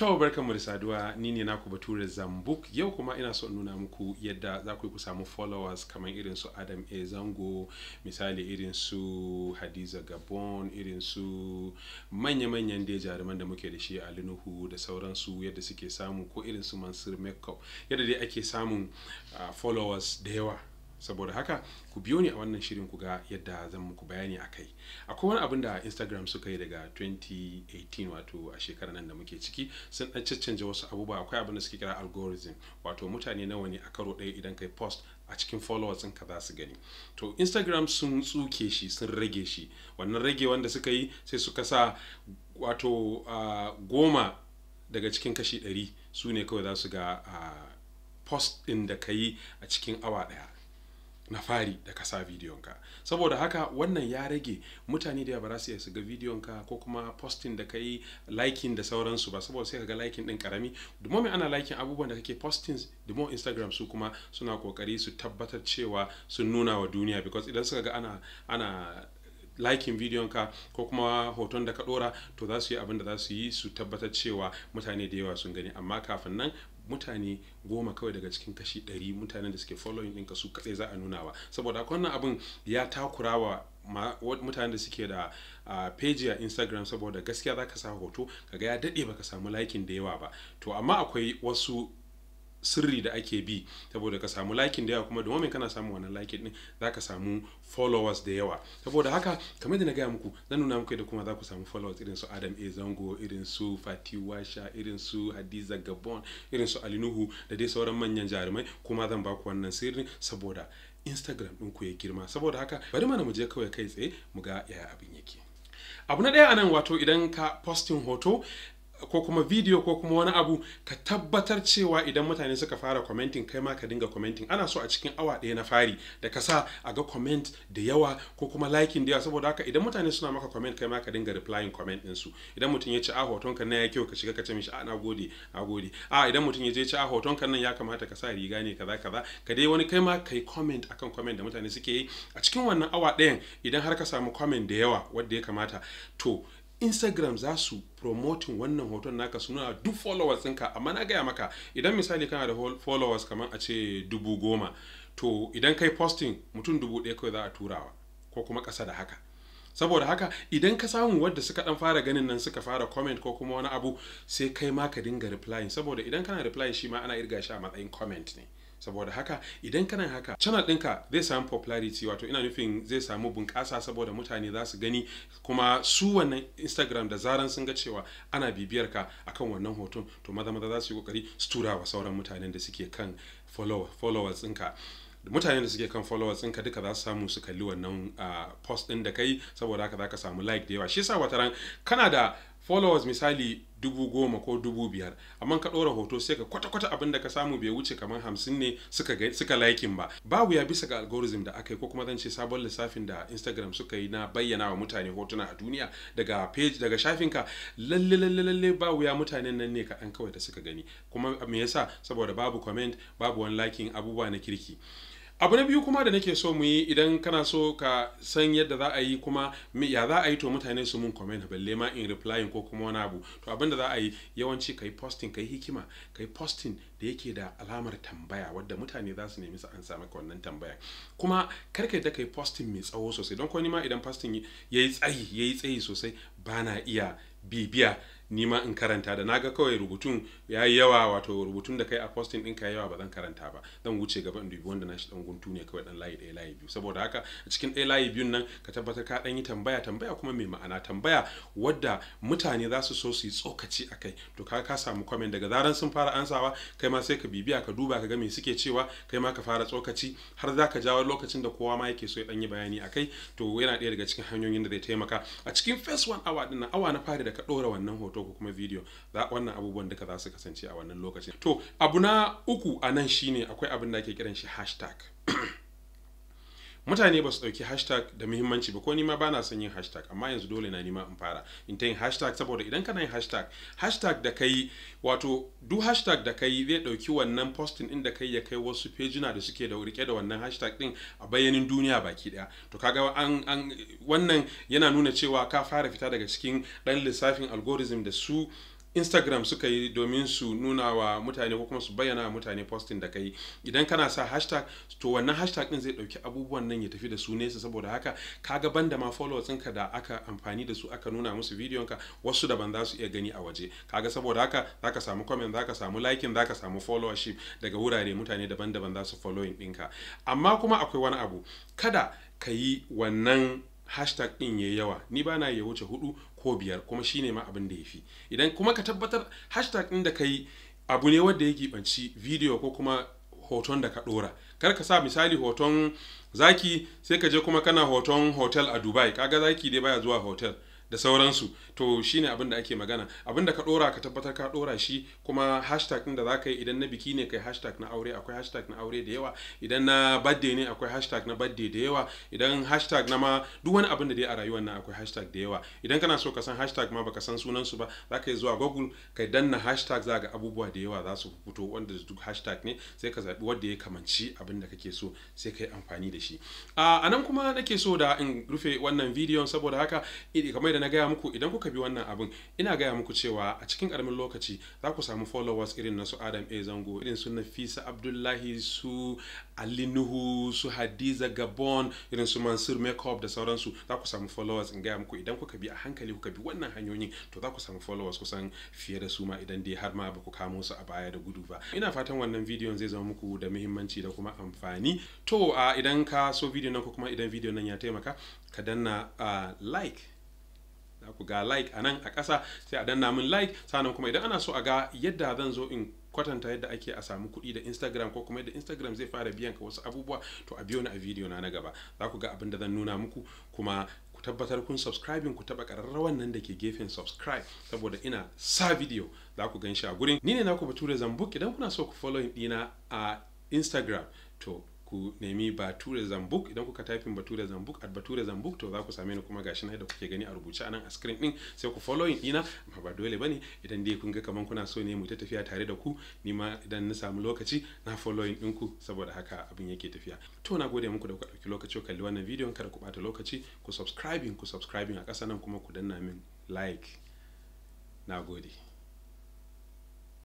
To barkanmu da saduwa ni ne na naku bature Zambuk yau kuma ina so nuna muku yadda za ku yi ku samu followers kamar irin su Adam A Zango misali irin su Hadiza Gabon irin su manya-manyan da jaruman da muke da shi a Linuhu da sauransu yadda suke samu ko irin su Mansur Makeup yadda dai ake samun uh, followers da yawa saboda haka ku biyo ni a wannan shirin ku ga yadda zan muku bayani a kai akwai wani abin da instagram suka yi daga 2018 wato a shekarar nan da muke ciki sun dan caccanja wasu abubuwa akwai abin da suke kira algorithm wato mutane nawa ne a karo ɗaya idan kai post a cikin followers ka za su gani to instagram sun tsuke shi sun rage shi wannan rage wanda suka yi sai suka sa wato goma daga cikin kashi ɗari su ne kawai za su ga uh, post ɗin da ka yi a cikin awa ɗaya na fari da ka sa ka saboda haka wannan ya rage mutane da ba bara su ya su ga ka ko kuma posting da kai liking da sauransu ba saboda sai ka ga liking din karami the mai ana liking abubuwan da kake posting the instagram su kuma suna kokari su tabbatar cewa sun nuna wa duniya because idan suka ga ana ana likin bidiyon ka ko kuma hoton da ka dora to za su yi abin da za su yi su tabbatar cewa mutane da yawa sun gani amma kafin nan mutane goma kawai daga cikin kashi ɗari mutanen da suke following ɗinka su kaɗai za a nunawa saboda wannan abin ya takura wa mutanen da suke da page a instagram saboda gaskiya za ka sa hoto kaga ya daɗe baka samu likin da yawa ba to amma akwai wasu sirri da ake bi saboda ka samu likin da yawa kuma domin kana samu wannan likin din ka samu followers da yawa saboda haka kamar da na gaya muku zan nuna muku da kuma za ku samu followers irin su Adam A Zango irin su Fati Washa irin su Hadiza Gabon irin su Alinuhu da dai sauran manyan jarumai kuma zan baku wannan sirrin saboda Instagram ku ya girma saboda haka bari mana mu je kawai kai tsaye mu ga yaya abin yake abu na ɗaya anan wato idan ka posting hoto ko kuma video ko kuma wani abu ka tabbatar cewa idan mutane suka fara commenting kai ma ka dinga commenting ana so a cikin awa ɗaya na fari da ka sa a ga comment da yawa ko kuma liking da yawa saboda haka idan mutane suna maka comment kai ma ka dinga replying comment ɗinsu idan mutum ya ce a ah, hoton ka na ya kyau ka shiga ka ce mishi a ah, na gode na a ah, idan mutum ya je ce a hoton ka nan ya kamata ka sa riga ne kaza kaza ka dai wani kai ma ka yi comment akan comment da mutane suke yi a cikin wannan awa ɗayan idan har ka samu comment da yawa wanda ya kamata to instagram za su promoting wannan hoton naka su nuna duk followers ɗinka amma na gaya maka idan misali kana da followers kamar a ce dubu goma to idan kai posting mutum dubu ɗaya kawai za a turawa ko kuma ƙasa da haka saboda haka idan ka samu wadda suka dan fara ganin nan suka fara comment ko kuma wani abu sai kai ma ka dinga replying saboda idan kana replying shi ma ana irga shi a matsayin comment ne saboda haka idan kana haka channel ɗinka zai samu popularity wato ina nufin zai samu bunƙasa saboda mutane za su gani kuma su wannan instagram da zaran sun ga cewa ana bibiyar ka akan wannan hoton to maza maza za su yi kokari su tura wa sauran mutanen da suke kan followers ɗinka mutanen da suke kan followers ɗinka duka za su samu su kalli wannan ah, post ɗin da kai saboda haka za ka samu like da yawa shi yasa wataran kana da followers misali dubu goma ko dubu biyar amma ka ɗora hoto sai ka kwata-kwata abin ka samu bai wuce kamar hamsin ne suka laikin ba babu ya bisa ga algorithm da aka yi ko kuma zan ce sabon lissafin da instagram suka yi na bayyana wa mutane hotuna a duniya daga page daga shafinka lalle lalle lalle babu ya mutanen nan ne kaɗan kawai da suka gani kuma me yasa saboda babu comment babu wani liking abubuwa na kirki abu na biyu kuma da nake so mu yi idan kana so ka san yadda za a yi kuma ya za a yi to mutane su mun comment balle ma in replying ko kuma wani abu to abin da za a yi yawanci kai posting kai hikima kai posting da yake da alamar tambaya wadda mutane za su nemi su an samu wannan tambaya kuma karka da kai posting mai tsawo sosai don ko ma idan posting yayi tsayi yayi tsayi sosai bana iya bibiya ni ma in karanta da naga kawai rubutun ya yi yawa wato rubutun da kai a posting ɗinka ya yawa ba zan karanta ba zan wuce gaba in dubi wanda na shi ɗan guntu ne kawai ɗan layi ɗaya layi biyu saboda haka a cikin ɗaya layi biyun nan ka tabbatar ka ɗan yi tambaya tambaya kuma mai ma'ana tambaya wadda mutane za su so su yi tsokaci a kai to ka ka samu comment daga zaran sun fara ansawa kai ma sai ka bibiya ka duba ka ga me suke cewa kai ma ka fara tsokaci har za ka jawo lokacin da kowa ma yake so ya ɗan yi bayani a kai to yana ɗaya daga cikin hanyoyin da zai taimaka a cikin first one hour ɗin awa na fari da ka ɗora wannan hoto hoto ko kuma video za wannan abubuwan duka za su kasance a wannan lokacin to abu na uku a nan shine akwai abin da ake kiran shi hashtag mutane ba su ɗauki hashtag da muhimmanci ba ko nima ba na son yin hashtag amma yanzu dole na nima in fara in ta yin hashtag saboda idan kana yin hashtag hashtag da kai wato du hashtag da kai zai ɗauki wannan postin ɗin da kai ya kai wasu pejina da suke da rike da wannan hashtag ɗin a bayanin duniya baki ɗaya to kaga an wannan yana nuna cewa ka fara fita daga cikin ɗan lissafin algorithm da su instagram suka yi domin su nuna wa mutane ko kuma su bayyana wa mutane postin da kai idan kana sa hashtag to wannan hashtag din zai dauki abubuwan nan ya tafi da su nesa saboda haka ka ga banda ma followers ɗinka da aka amfani da su aka nuna musu bidiyon ka wasu da ban za su iya gani a waje kaga saboda haka zaka samu comment zaka samu liking zaka samu followership daga wurare mutane daban-daban za su following ɗinka amma kuma akwai wani abu kada ka yi wannan hashtag din yayi yawa ni bana ya wuce hudu ko biyar kuma shi ne ma abin da ya fi idan kuma ka tabbatar hashtag din da yi abu ne wadda ya gibanci video ko kuma hoton da ka ɗora kar ka sa misali hoton zaki sai ka je kuma kana hoton hotel a Dubai kaga zaki dai baya zuwa hotel da sauransu to shine abin da ake magana abin da ka dora ka tabbatar ka dora shi kuma hashtag din da za ka yi idan na biki ne kai hashtag na aure akwai hashtag na aure da yawa idan na birthday ne akwai hashtag na birthday da yawa idan hashtag na ma duk wani abin da dai a rayuwar na akwai hashtag da yawa idan kana so ka san hashtag ma baka san sunan su ba za ka yi zuwa google kai danna hashtag za ga abubuwa da yawa za su fito wanda duk hashtag ne sai ka zaɓi wanda ya kamanci abin da kake so sai ka yi amfani da shi a nan kuma nake so da in rufe wannan bidiyon saboda haka kamar na gaya muku idan kuka bi wannan abin ina gaya muku cewa a cikin karamin lokaci za ku samu followers irin na su adam a zango irin su nafisa abdullahi su alinuhu su hadiza gabon irin su mansur makeup da sauransu za ku samu followers in gaya muku idan kuka bi a hankali kuka bi wannan hanyoyin to za ku samu followers kusan fiye da su ma idan dai har ma ba ku kamo su a baya da gudu ba ina fatan wannan bidiyon zai zama muku da muhimmanci da kuma amfani to a idan ka so bidiyon nan ko kuma idan bidiyon nan ya taimaka ka danna like za ku ga like a nan a ƙasa sai a danna min like sannan kuma idan ana so a ga yadda zan zo in kwatanta yadda ake a samu kuɗi da instagram ko kuma yadda instagram zai fara biyan ka wasu abubuwa to a biyo ni a video na na gaba za ku ga abin da zan nuna muku kuma ku tabbatar kun subscribing ku taba ƙararrawan nan da ke gefen subscribe saboda ina sa video za ku gan shi a gurin ni ne na naku bature zambuk idan kuna so ku following ɗina a instagram to ku nemi bature zambuk idan kuka typing bature zambuk at bature zambuk to za ku same ni kuma gashi na da kuke gani a rubuce anan a screen din sai ku following dina amma ba dole bane idan dai kun ga kaman kuna so ne mu ta tafiya tare da ku ni ma idan na samu lokaci na following din ku saboda haka abin yake tafiya to na gode muku da kuka dauki lokaci ku kalli wannan bidiyon kada ku bata lokaci ku subscribing ku subscribing a ƙasa nan kuma ku danna min like na gode